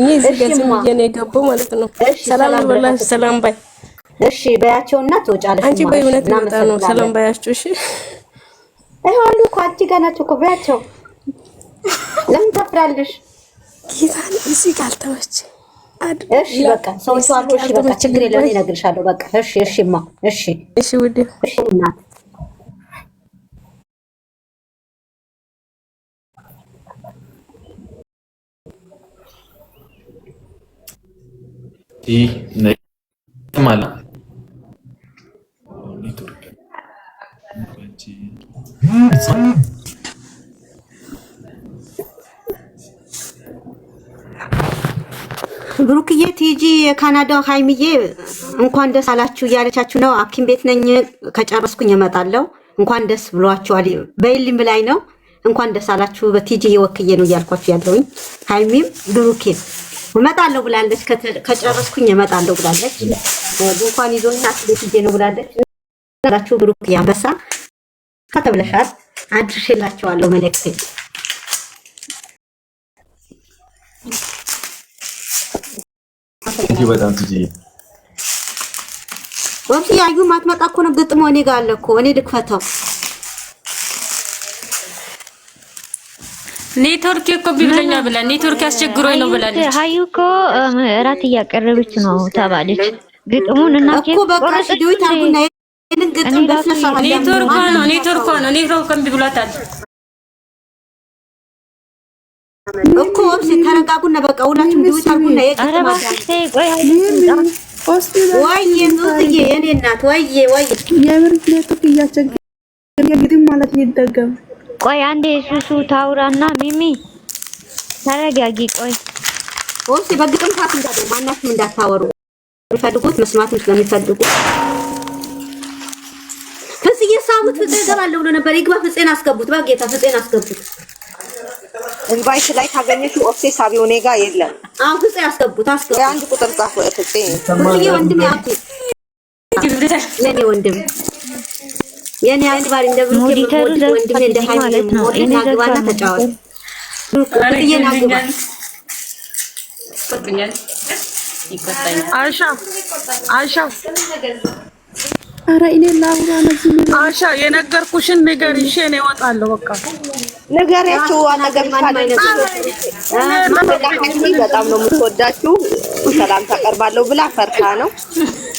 እኔ እዚህ ገጽ ብዬ ነው የገባው ማለት ነው። ሰላም ብላሽ፣ ሰላም ባይ። እሺ በያቸው ትወጫለሽ። አንቺ በእውነት መጣ ነው። ሰላም ባያቸው። እሺ ይኸውልህ እኮ አንቺ ጋር ናቸው እኮ በያቸው። ለምን ታፍራለሽ? ጌታን እዚህ ጋር አልተመቸ እሺ በቃ ሰው ሰው አልኩሽ። በቃ ችግር የለውም እነግርሻለሁ። በቃ እሺ፣ እሺ፣ ማ እሺ፣ እሺ፣ ውዴ፣ እሺ እናት ብሩክዬ ቲጂ የካናዳው ሀይሚዬ እንኳን ደስ አላችሁ እያለቻችሁ ነው። ሐኪም ቤት ነኝ ከጨረስኩኝ እመጣለሁ። እንኳን ደስ ብሏችኋል በይልም ላይ ነው። እንኳን ደስ አላችሁ በቲጂ የወክዬ ነው እያልኳችሁ ያለውኝ ሀይሚም ብሩኬም እመጣለሁ ብላለች። ከጨረስኩኝ እመጣለሁ ብላለች። ድንኳን ይዞኛ አስቤት ነው ብላለች። ላችሁ ብሩክ ያንበሳ ከተብለሻል አድርሼላቸዋለሁ መልእክቴ በጣም ወብሲ ያዩ ማትመጣ እኮ ነው። ግጥሞ እኔ ጋር አለ እኮ እኔ ልክፈተው ኔትወርክ እኮ ቢብለኛ ብላ ኔትወርክ ያስቸግሮኝ ነው ብላለች። ሀዩ እኮ እራት እያቀረበች ነው ተባለች። ግጥሙን እና እኮ በቃ ቪዲዮ ታቡና ይሄንን ግጥም በስነሳ ኔትወርክ ነው ኔትወርክ ነው ኔትወርክ እምቢ ብሏታል እኮ ወብሴ ተረጋጉና፣ በቃ ሁላችሁም ቪዲዮ ታቡና ይሄን ወይዬ ኑትዬ የኔ እናት ወይዬ ወይዬ የምር ኔትወርክ እያስቸገረኝ ግጥም ማለት ይደገም ቆይ አንዴ ሱሱ ታውራና ሚሚ ተረጋጊ። ቆይ ወንስ በግጥም ፋት እንዳደ ማናችሁም እንዳታወሩ የሚፈልጉት መስማትም ስለሚፈልጉ ፍጽዬ ሳሙት ፍጽዬ እገባለሁ ብሎ ነበር። ይግባ ፍጽዬን አስገቡት፣ በጌታ ፍጽዬን አስገቡት። ኢንቫይት ላይ ካገኘሽው ኦፍሴ ሳቢው እኔ ጋር የለም። አሁን ፍጽዬ አስገቡት፣ አስገቡት። አንድ ቁጥር ጻፉ። ፍጽዬ ወንድም ያኩ ለኔ ወንድም የኔ አክባሪ እንደ ሞኒተሩ ወንድሜ እንደ ማለት ነው። እኔ አግባና ተጫወት አይሻ አይሻ ኧረ እኔ ላውራ ነዚህ አይሻ የነገርኩሽን ንገሪ። እሺ እኔ እወጣለሁ። በቃ ንገሪያቸው። በጣም ነው የምትወዳችሁ ሰላም ታቀርባለሁ ብላ ፈርታ ነው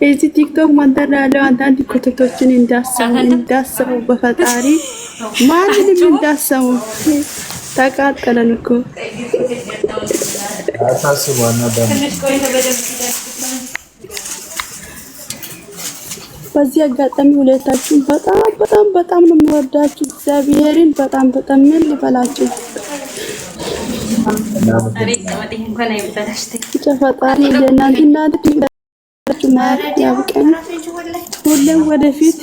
በዚህ ቲክቶክ መንደር ያለው አንዳንድ ኮተቶችን እንዳሰሙ እንዳሰሙ በፈጣሪ ማንንም እንዳሰሙ ተቃጠለን እኮ በዚህ አጋጣሚ ሁለታችሁን በጣም በጣም በጣም ነው የምወዳችሁ። እግዚአብሔርን በጣም በጣም ምን ልበላችሁ ፈጣሪ ለእናንተ ለማረድ ያብቀን። ሁሌም ወደፊት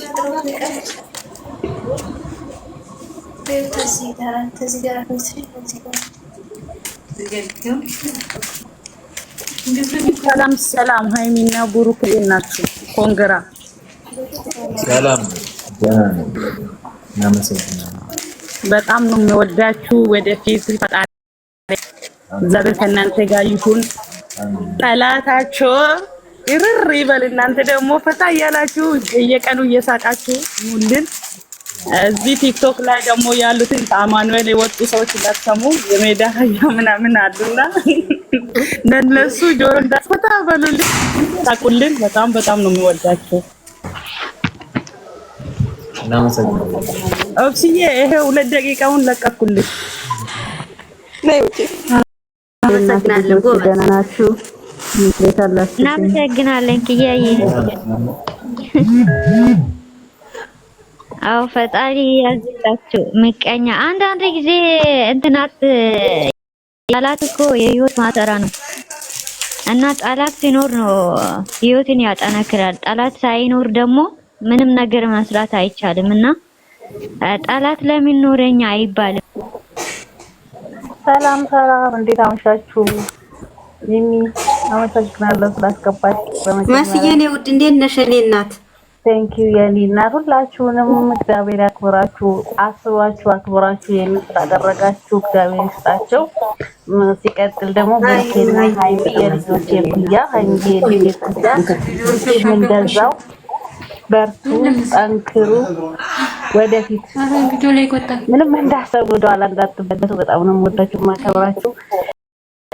ሰላም ሰላም። ሀይሚና ቡሩክ እንዴት ናችሁ? ኮንግራ ሰላም። በጣም ነው የሚወዳችሁ። ወደፊት ፈጣሪ እግዚአብሔር ከእናንተ ጋር ይሁን። ጠላታችሁ ይርር ይበል። እናንተ ደግሞ ፈታ እያላችሁ እየቀኑ እየሳቃችሁ ሙልን። እዚህ ቲክቶክ ላይ ደግሞ ያሉትን ከአማኑኤል የወጡ ሰዎች እንዳትሰሙ የሜዳ አህያ ምናምን አሉና ለነሱ ጆሮ እንዳትፈታ በሉልን፣ ሳቁልን። በጣም በጣም ነው የሚወዳቸው። ኦብስዬ ይሄ ሁለት ደቂቃውን ለቀኩልሽ። ደህና ናችሁ? እናመሰግናለን ክያዬ። አዎ ፈጣሪ ያዝላችሁ። ምቀኛ አንዳንድ ጊዜ እንትናት ጣላት እኮ የህይወት ማጠራ ነው እና ጠላት ሲኖር ነው ህይወትን ያጠናክራል። ጠላት ሳይኖር ደግሞ ምንም ነገር መስራት አይቻልም እና ጣላት ለምን ኖረኛ አይባልም። ሰላም ሰላም፣ እንዴት አመሻችሁ ሚሚ አመሰግናለሁ ስላስገባች። መስዬ እኔ ውድ እንዴት ነሽ? እኔ እናት ቴንኪዩ የኔ እናት። ሁላችሁንም እግዚአብሔር ያክብራችሁ፣ አስባችሁ አክብራችሁ የኔ ስላደረጋችሁ እግዚአብሔር ይስጣቸው። ሲቀጥል ደግሞ ቤቴና ሀይሚ የልጆቼ ብያ ሀይሚ የልጆቼ ብያ ምንደዛው በርቱ፣ ጠንክሩ። ወደፊት ምንም እንዳሰብ ወደኋላ እንዳትመለሱ። በጣም ነው የምወዳችሁ የማከብራችሁ።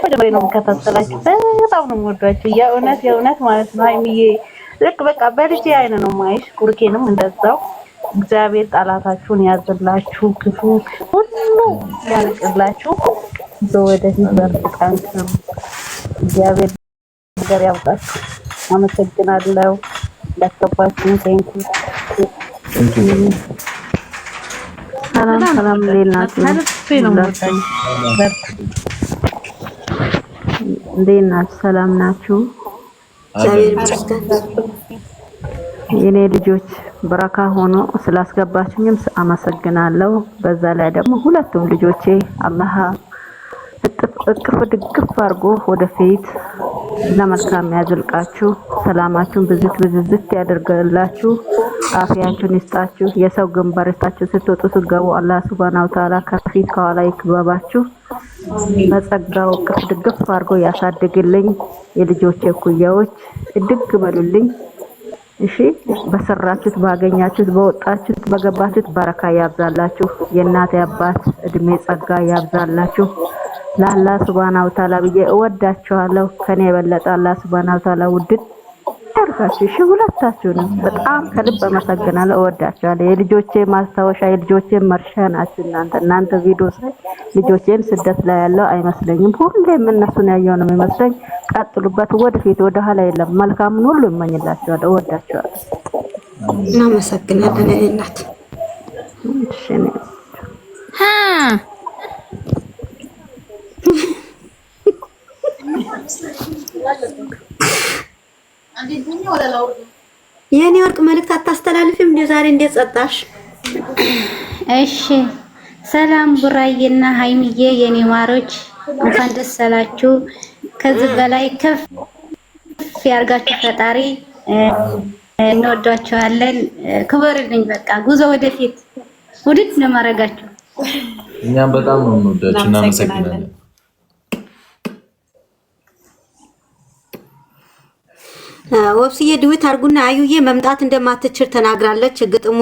መጀመሪ ነው የምከታተላችሁ። በጣም ነው የምወዷችሁ። የእውነት የእውነት ማለት ነው ሀይሚዬ፣ ልክ በቃ በልጅ አይነ ነው ማይሽ። ቁርኬንም እንደዛው እግዚአብሔር ጠላታችሁን ያዝላችሁ፣ ክፉ ሁሉ ያርቅላችሁ፣ በወደፊት በርቅቃን እግዚአብሔር ነገር ያውጣችሁ። አመሰግናለሁ እንዳስገባችሁ። ቴንኩ ሰላም ሰላም። ሌላ ነው እንዴት ናችሁ? ሰላም ናችሁ? የኔ ልጆች በረካ ሆኖ ስላስገባችሁኝም አመሰግናለሁ። በዛ ላይ ደግሞ ሁለቱም ልጆቼ አላህ እቅፍ ድግፍ አድርጎ ወደፊት ለመልካም ያዝልቃችሁ። ሰላማችሁን ብዝት ብዝዝት ያደርግላችሁ። አፍያችሁን ይስጣችሁ፣ የሰው ግንባር ይስጣችሁ። ስትወጡ ስትገቡ አላህ ሱብሃነሁ ወተዓላ ከፊት ከኋላ ይክበባችሁ። በጸጋው ቅፍ ድግፍ አድርጎ ያሳድግልኝ። የልጆቼ ኩያዎች እድግ በሉልኝ። እሺ በሰራችሁት፣ ባገኛችሁት፣ በወጣችሁት፣ በገባችሁት በረካ ያብዛላችሁ። የእናት አባት እድሜ ጸጋ ያብዛላችሁ። ለአላህ ሱብሃነሁ ወተዓላ ብዬ እወዳችኋለሁ። ከኔ የበለጠ አላህ ሱብሃነሁ ወተዓላ ውድድ ሁለታችሁ እሺ፣ ሁለታችሁ ነው። በጣም ከልብ አመሰግናለሁ፣ እወዳችኋለሁ። የልጆቼ ማስታወሻ የልጆቼ መርሻ ናችሁ እናንተ እናንተ ቪዲዮ ሳይ ልጆቼም ስደት ላይ ያለው አይመስለኝም። ሁሌም እነሱን ያየው ነው የሚመስለኝ። ቀጥሉበት፣ ወደፊት ወደ ኋላ የለም። መልካሙን ሁሉ እመኝላችኋለሁ፣ እወዳችኋለሁ። እናመሰግናለን እናት ዛሬ እንዴት ጸጣሽ? እሺ ሰላም ቡራዬና ሀይሚዬ የኔ ማሮች እንኳን ደስ አላችሁ። ከዚህ በላይ ከፍ ያርጋችሁ ፈጣሪ። እንወዷቸዋለን። ክበርልኝ። በቃ ጉዞ ወደፊት ውድድ ነው ማረጋችሁ። እኛም በጣም ነው እንወዳችሁ። እናመሰግናለን። ወብስዬ ድዊት አርጉና አዩዬ መምጣት እንደማትችል ተናግራለች። ግጥሙ